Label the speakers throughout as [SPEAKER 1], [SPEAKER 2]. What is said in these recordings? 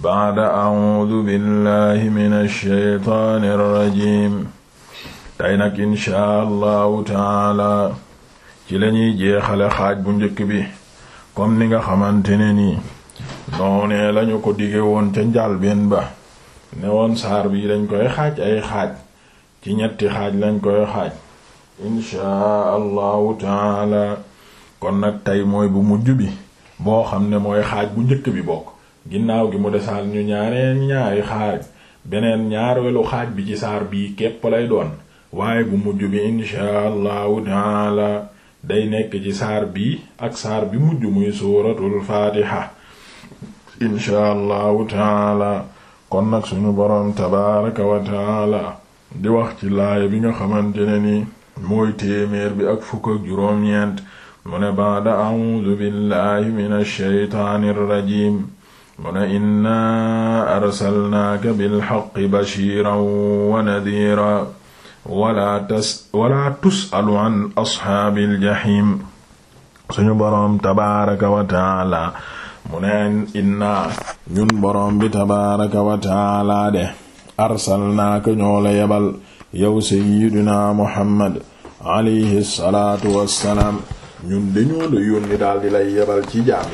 [SPEAKER 1] baada audu billahi min alsheytaani alrajim tey nag inchaa allahu taala ci lañuy jeexale xaaj bu njëkk bi comme ni nga xamante ne nii noonee lañu ko dige woon ca njàlbeen ba ne woon saar bi dañ koy xaaj ay xaaj ci ñetti xaaj lañ koy xaaj inchaa allahu taala kon nag tey mooy bu mujj bi boo xam ne mooy xaaj bu njëkk bi bokk ginnaaw gi mu desal ñu ñaareen ñaari xaaj beneen ñaareelu xaaj bi ci saar bii képp lay doon waaye bu mujj bi inshaa allahu taala day nekk ci saar bi ak saar bi mujj muy suuratul faatiha inshaa allahu taala kon nag suñu boroom tabaaraka wa di wax ci laaya bi nga xamante ne ni mooy téeméer bi ak fukk ak juróom-ñeent mu baada a'uudu billahi min ash rajiim mu ne inna arsalnaaka bilxaqi bashiran wa nadira wala tas wala tusalu an asxaabil jaxiim suñu boroom wa taala mu inna ñun boroom bi tabaaraka wa taala de arsalnaaka ñoo la yebal yow muhammad alayhi salaatu wassalaam ñun dañoo la yónni ci jaam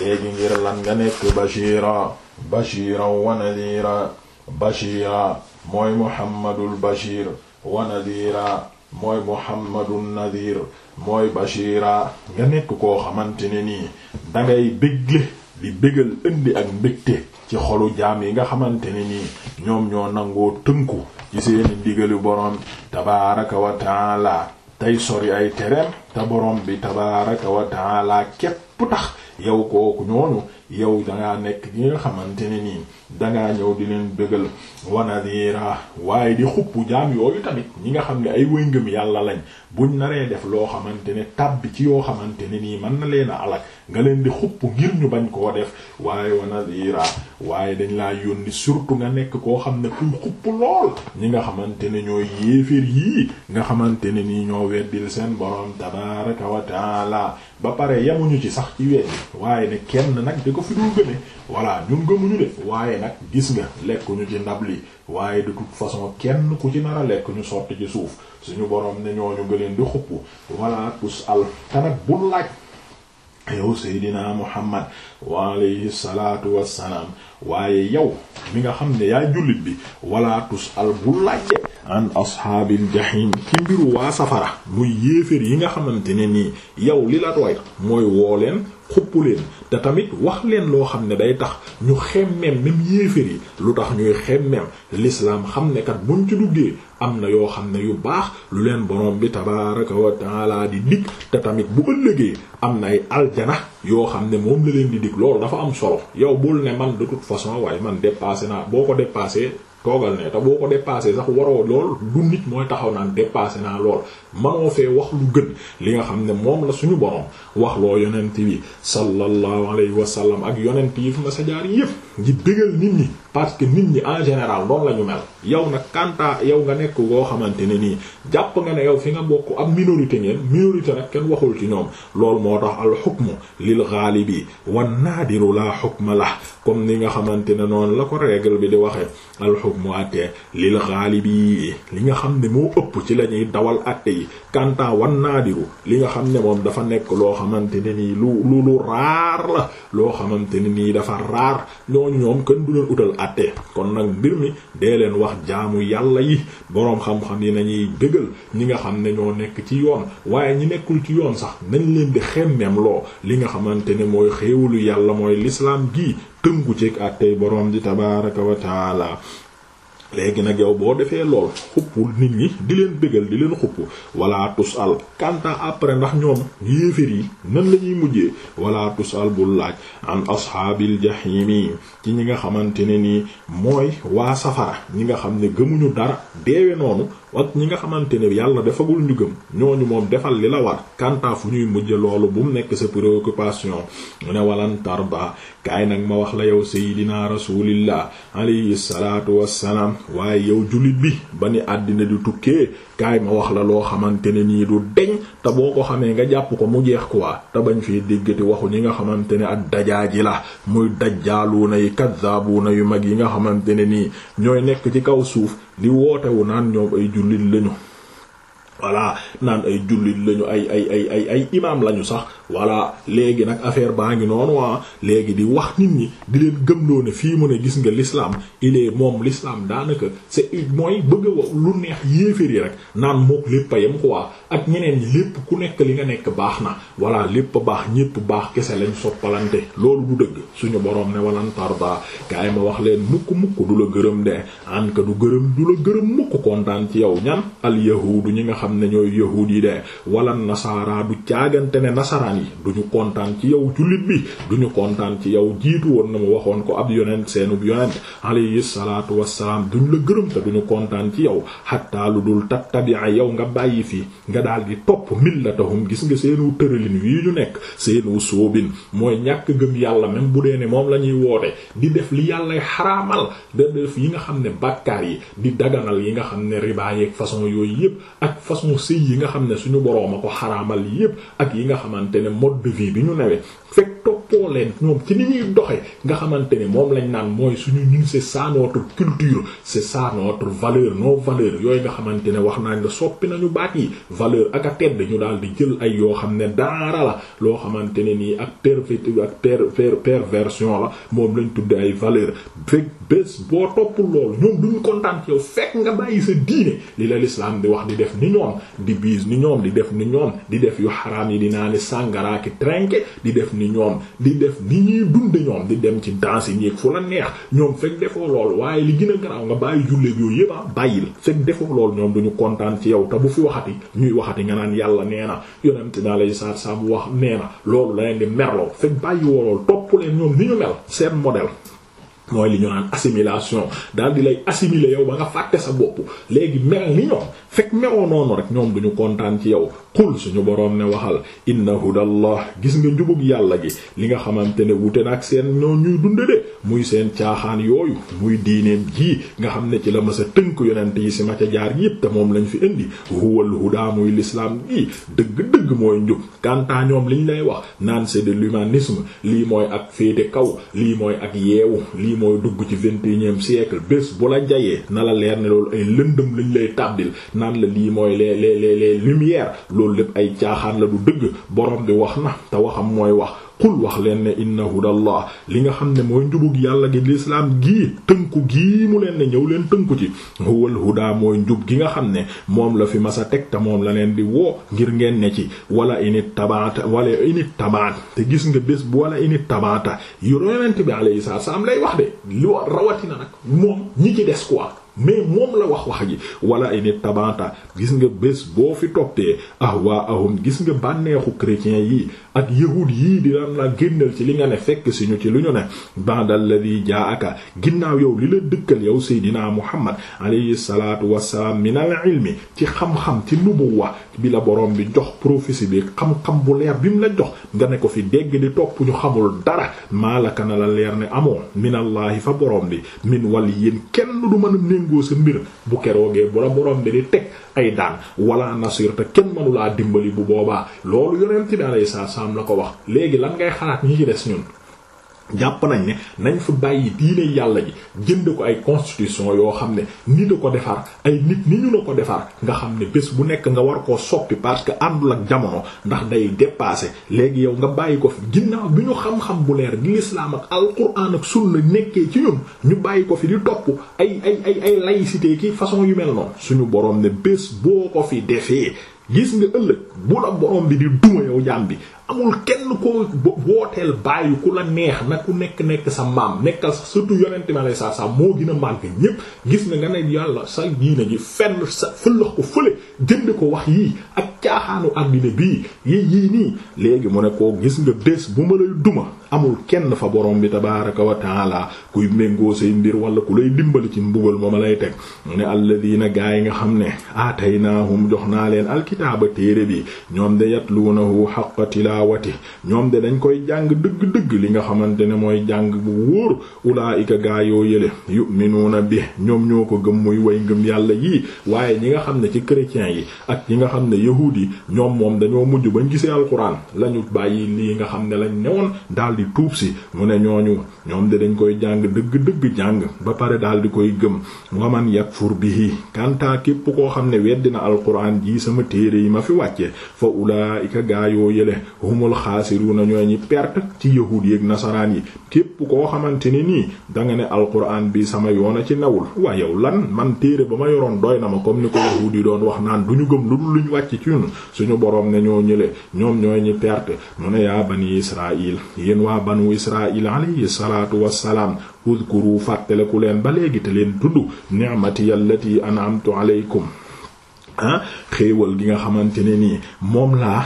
[SPEAKER 1] léegi ngir lan nga nekk bashira bashira wa nadira bashira mooy muhammadul bashir wa mooy muhammadun nadir mooy bashira nga nekk koo xamante ne nii dangay bégle di bégal indi ak mbégte ci xolu jaam yi nga xamante ne nii ñoom ñoo nangoo tënku ci seeni ndigalu boroom tabaaraka wa taala tey sori ay tereem te boroom bi tabaaraka wa taala tax yow kooku ñooñu yow dangaa nekk di nga xamante ne nii dangaa ñëw di leen bëggal wanadira waaye di xuppu jaam yooyu tamit ñi nga xam ne ay wëngëm yàlla lañ buñ naree def loo xamante ne tab ci yoo xamante ne nii mën na leen a alak nga leen di xuppu ngir ñu bañ koo def waaye wanadira waaye dañ laa yónni surtout nga nekk koo xam ne kum xupp lool ñi nga xamante ne ñooy yéeféer yii nga xamante ne nii ñoo weddil seen borom tabaraka wa taala ba pare yemuñu ci sax ci weddi waaye ne kenn nag di ko fi dul gëne voilà ñun gëmuñu de waaye nag gis nga lekkuñu ci ndab li waaye de toute façon kenn ku ci nar lekk ñu sotti ci suuf suñu borom ne ñooñu nga leen di xupp voilà tous al bu laaj yow seydina muhammad wa alayhi salaatu wassalaam waaye yow mi nga xam ne yaa jullit bi wala tus al bu laajte an ashaabil jahim waa safara muy yéeféer yi nga xamante ne nii yow li la doy mooy woo leen xupp te tamit wax leen loo xam ne day tax ñu xemmeem même lu tax ñuy xemmeem l'islam xam ne buñ ci duggee am na yoo xam ne yu baax lu leen borom bi tabaraka wa taala te tamit bu ëllëgee am na ay aljana yoo xam ne moom la leen di dig loolu dafa am solo yow bul ne man de façon waaye man dépassé naa boo ko dépassé toogal ne te boo ko dépassé sax waroo lool du nit mooy taxaw naan dépassé naa lool manoo fee wax lu gën li nga xam ne moom la suñu borom wax loo yonent bi sallallahu alayhi wa sallam ak yonent yi fu ma sa jaar yépp di bégal nit ñi parce que nit ñi en général noonu la ñu mel yow nag kanta yow nga nekk goo xamante ne nii jàpp nga ne yow fi nga bokk am minorité ngeen minorité nag kenn waxul ci ñoom lool moo tax al xukmu lil xaalibi wan naadiru laa xukma la comme ni nga xamante ne noonu la ko règle bi di waxee al xukmu àtte lil xaalibi li nga xam ne moo ëpp ci la ñuy dawal àtte yi kanta wan naadiru li nga xam ne moom dafa nekk loo xamante ne nii lu lu lu raar la loo xamante ne nii dafa raar ak ñoom kenn du leen utal àtte kon nag mbir mi dee leen wax jaamu yàlla yi boroom xam-xam yi nañuy dëggal ñi nga xam ne ñoo nekk ci yoon waaye ñi nekkul ci yoon sax nañ leen di xemmeem loo li nga xamante ne mooy xéewalu yàlla mooy lislaam gi tënku ci ak àttey boroom di tabaaraka wa léegi nag yow boo defee lool xuppul nit ñi di leen bégal di leen xupp walaa tus al kanta après ndax ñoom yéefér yi nan la ñuy mujjee wala tus al bul laaj an ashaabil jahimi ci ñi nga xamante ne nii mooy waa safara ñi nga xam ne gëmuñu dara deewe noonu ak ñi nga xamante ne yàlla defagul ñu gëm ñu moom defal li la war kanta fu ñuy mujj loolu bu mu nekk sa préoccupation mu ne walantar baa kaay nag ma wax la yow sayidina rasulillah alayhi salaatu wassalaam waaye yow jullit bi ba ni àddina di tukkee kaay ma wax la loo xamante ne nii du deñ te boo ko xamee nga jàpp ko mu jeex quoi te bañ fii déggati waxu ñi nga xamante ne ak dajaaji la muy dajjaaluuna yi na yu mag yi nga xamante ne nii ñooy nekk ci kaw suuf di wootewu naan ñoom ay jullit lañu voilà naan ay jullit lañu ay ay ay ay ay imaam lañu sax voilà léegi nag affaire baa ngi noonu waa ah. léegi di wax nit ñi di leen gëmloo ne fii mu a gis nga l'islam il moom l'islam daanaka c'est mooy bëgg a lu neex yéeféer yi rek naan mook lépp a yem ak ñeneen yi lépp ku nekk li nga nekk baax na walla lépp baax ñépp baax kese lañ soppalante loolu du dëgg suñu borom ne walan tarda kaay ma wax leen mukk mukk du la gërëm de an du gërëm du la gërëm mukk kontaan ci yow ñan al yahuudu ñi nga xam ne ñooy yahuud yi wala nasaara du caagante ne nasaraan yi duñu kontaan ci yow jullit bi duñu kontaan ci yow jiitu woon na mu waxoon ko ab yonent seenub yonent alayhi salaatu wassalaam duñu la gërëm te duñu kontaan ci yow hatta lu dul tattabi'a yow nga bàyyi fii nga daal di topp millatahum gis nga seenu tëralin yi ñu nekk seenu sóobin mooy ñàkk gëm yàlla même bu dee ne moom la ñuy woote di def li yàlla xaraamal da def yi nga xam ne bàkkaar yi di daganal yi nga xam ne riba yeeg façon yooyu yépp ak façon sëy yi nga xam ne suñu boroom a ko xaraamal yépp ak yi nga xamante ne mode de bi ñu newee fekk toppoo leen ñoom ci ni ñuy doxe nga xamante ne moom lañ naan mooy suñu ñun c'est ça culture c'est ça notre valeur ak a tedd ñu daal di jël ay yoo xam ne daara la loo xamante ne nii ak perverti ak per perversion la moom lañ tudde ay valeur fekk bés boo toppul loolu ñoom duñ kontaan ci yow fekk nga bàyyi sa diine li la lislaam di wax di def ni ñoom di biis ni ñoom di def ni ñoom di def yu xaraam yi di naa ni sàngaraaki trinqué di def ni ñoom di def ni ñuy dunde ñoom di dem ci danse yi fu la neex ñoom fekk defoo loolu waaye li gën a garaaw nga bàyyi julleeg yooyu yëpp ah, bàyyil fekk defoo loolu ñoom duñu kontaan ci yow te bu fi waxati ñuy waxati nga naan yàlla nee na yonent naa lay saar saam wax nee na loolu la leen di merloo fekk bàyyi wolool topp leen ñoom ni ñu mel seen modèle mooy li ñu naan assimilation daal di lay assimiler yow ba nga fàtte sa bopp léegi mel ni ñoom fekk meewoo noonu rek ñoom ñu kontaan ci yow qul suñu boroom ne waxal inna hudallah gis nga njubug yàlla gi li nga xamante ne wute na ak seen ñoo ñuy dund de muy seen caaxaan yooyu muy diineem jii nga xam ne ci la ma sa tënk yonent yi si ma ca jaar yépp te moom lañ fi indi huwal huda muy l'islam gi dëgg-dëgg mooy njub kantaa ñoom liñ lay wax naan c'est de l'humanisme lii mooy ak féete kaw lii mooy ak yeewu lii mooy dugg ci vingt-et-unième siècle bés bu la jayee na la leer ne loolu ay lëndëm lañ lay tàbbil naan la lii mooy les les les lumières loolu lépp ay caaxaan la du dëgg borom bi wax na te waxam mooy wax xul wax leen ne inna hudallah li nga xam ne mooy njubug yàlla gi lislaam gii tënku gii mu leen ne ñëw leen tënku ci huwal huda mooy njub gi nga xam ne moom la fi masa teg te moom la leen di woo ngir ngeen ne ci wala init tabaata wala init tabaat te gis nga bés bu wala init tabaata yu yonent bi sa salaam lay wax de lu rawatina nag moom ñi ci des quoi mais moom la wax wax ji wala ini tabanta gis nga bés boo fi toppee ahwaahum gis nga bànneexu chrétien yi ak yahud yii di daan la génnal ci li nga ne fekk si ñu ci lu ñu ne ba'dal ladhi jaaka ginnaaw yow li la dëkkal yow seydinaa muhammad alayhi salaatu wassalaam minal ilmi ci xam-xam ci nubuwa bi borom bi jox prophétie bi xam-xam bu leer bi mu la jox nga ne ko fi dégg di topp ñu xamul dara maalaka na la leer ne amoo minallaahi fa borom bi min wali yéen kenn du mën a méngoo sa mbir bu keroogee bu la borom bi di teg ay daan wala nasir te kenn mënulaa dimbali bu boobaa loolu yonent bi alayhi salaatu am na ko wax léegi lan ngay xalaat ñi ci des ñun jàpp nañ ne nañ fa bàyyi diine yàlla ji jënd ko ay constitution yoo xam ne ni da ko defar ay nit ni ñu la ko defar nga xam ne bés bu nekk nga war koo soppi parce que àndul ak jamono ndax day dépassé léegi yow nga bàyyi ko fi ginnaaw bi ñu xam-xam bu leer gi lislaam ak alquran ak sunna nekkee ci ñun ñu bàyyi ko fi di topp ay ay ay ay laïcité ki façon yu mel noonu suñu boroom ne bés boo ko fi defee gis nga ëllëg bu la borom bi di bi amul kenn koo wooteel bàyyi ku la neex na ku nekk nekk sa maam nekkal sax surtout yonent bi alayhi salaatu salaam moo gën a ñépp gis nga nga ne yàlla sa diina ji fenn sa fëllax ko fële jënd ko wax yii ak caaxaanu àddina bii yii yii nii léegi mu ne koo gis nga bés bu ma lay duma amul kenn fa borom bi tabaaraka wa taala kuy méngoo say mbir wala ku lay dimbali ci mbugal ma ma lay teg mu ne alladina gaa yi nga xam ne aataynaahum jox naa leen alkitaaba téere bi ñoom de tilaawati ñoom de dañ koy jàng dëgg-dëgg li nga xamante ne mooy jàng bu wóor ulaayika gaa yoo yële yu'minuuna bi ñoom ñoo ko gëm muy way ngëm yàlla yii waaye ñi nga xam ne ci chrétiens yi ak ñi nga xam ne yahuud yi ñoom moom dañoo mujj bañ gisee alxuraan lañu bàyyi lii nga xam ne lañ newoon daldi tuub si mu ne ñooñu ñoom de koy jàng dëgg-dëgg jàng ba pare daldi koy gëm waman yakfur bihi kantaa képp koo xam ne weddina alxuraan ji sama téere yi ma fi wàcce fa ulaayika gaa yoo yële humul xaasiruna ñooy ñi perte ci yahuud yi ak nasaraan yi képp koo xamante ni nii danga ne alquran bi sama yoon a ci newul waa yow lan man téere ba ma yoroon doy na ma comme ni ko yahuud yi doon wax naan du ñu gëm lu dul luñ wàcc ci ñun suñu boroom ne ñoo ñële ñoom ñooy ñi perte mu ne yaa bani israil yéen waa banu israil alayhi salaatu wassalaam udkuru fàttaleku leen ba léegi te leen tudd ni'mati allati an'amtu alaykum ah xéewal gi nga xamante ne nii moom laa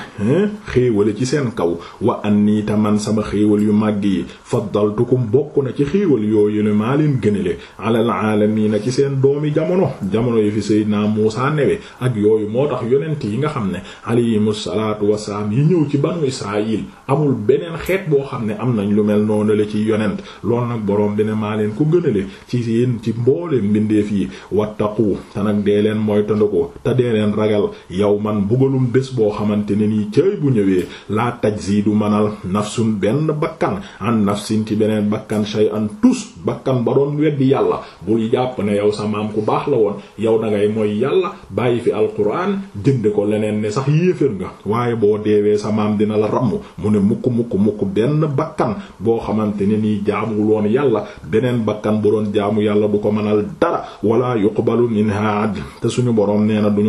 [SPEAKER 1] xéewale ci seen kaw wa an nii man sama xéewal yu màgg yi faddaltukum bokk na ci xéewal yooyu la maa leen gënale alal aalamiina ci seen doomi jamono jamono yi fi Seydina Muusaa newe ak yooyu moo tax yonent yi nga xam ne alayhimu salaatu wassalaam yi ñëw ci banu Israayil amul beneen xeet boo xam ne am nañ lu mel noonu la ci yonent lool nag boroom bi ne maa leen ko gënale ci yéen ci mbooleem mbindeef yi wattaqu te nag dee dee leen ragal yow man mbugalum bés boo xamante ne nii cëy bu ñëwee laa tajzidu manal nafsun benn bakkan an nafsin ci beneen bakkan shay'an tus bakkan ba doon weddi yàlla bul jàpp ne yow sa maam ku baax la woon yow da ngay mooy yàlla bàyyi fi alquran jënde ko leneen ne sax yéefér nga waaye boo deewee sa maam dina la ramm mu ne mukk mukk mukk benn bakkan boo xamante ne nii jaamuwul woon yàlla beneen bakkan bu doon jaamu yàlla du ko mënal dara wala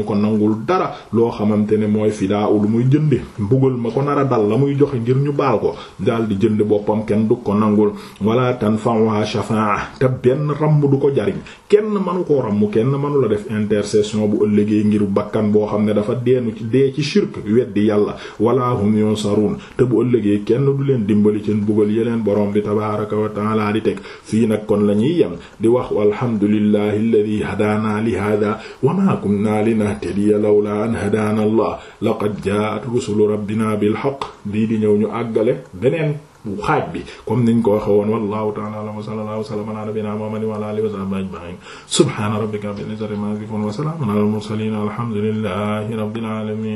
[SPEAKER 1] ko nangul dara loo xamante ne mooy fidaa u lu muy jënde mbugal ma ko nara a dal la muy joxe ngir ñu baal ko daal di jënd boppam kenn du ko nangul wala tanfa'uha shafa'a te benn ramm du ko jariñ kenn manu koo ramm kenn manu la def intercession bu ëllëgee ngir bakkan boo xam ne dafa deenu ci dee ci shirk weddi yàlla wala hum yunsarun te bu ëllëgee kenn du leen dimbali ceen mbugal yeleen borom bi tabaraka wa taala di teg fii nag kon la ñuy yem di wax alhamdulillahi alladhi nahtadiya lawla an hadaana allah laqad jaa'at rusulu rabbina bil haqq lii di ñëw ñu àggale beneen bu xaaj bi comme niñ ko waxe woon wallahu ta'ala a'lam wa sallallahu wa sallama ala nabiyyina muhammadin wa ala alihi wa sahbihi ajma'in subhana rabbika rabbil izzati amma yasifun wa salamun ala al mursalin alhamdulillahi rabbil alamin